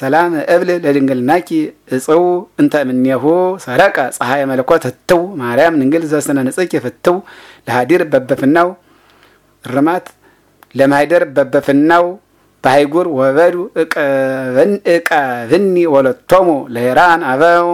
ሰላም እብል ለድንግልናኪ እጽው እንተ እምኔሁ ሰረቀ ፀሐይ መለኮት ህትው ማርያም ንግል ዘስነ ንጽኪ ፍትው ለሃዲር በበፍናው እርማት ለማይደር በበፍናው ባይጉር ወበዱ እቀብኒ ወለቶሙ ለሄራን አበው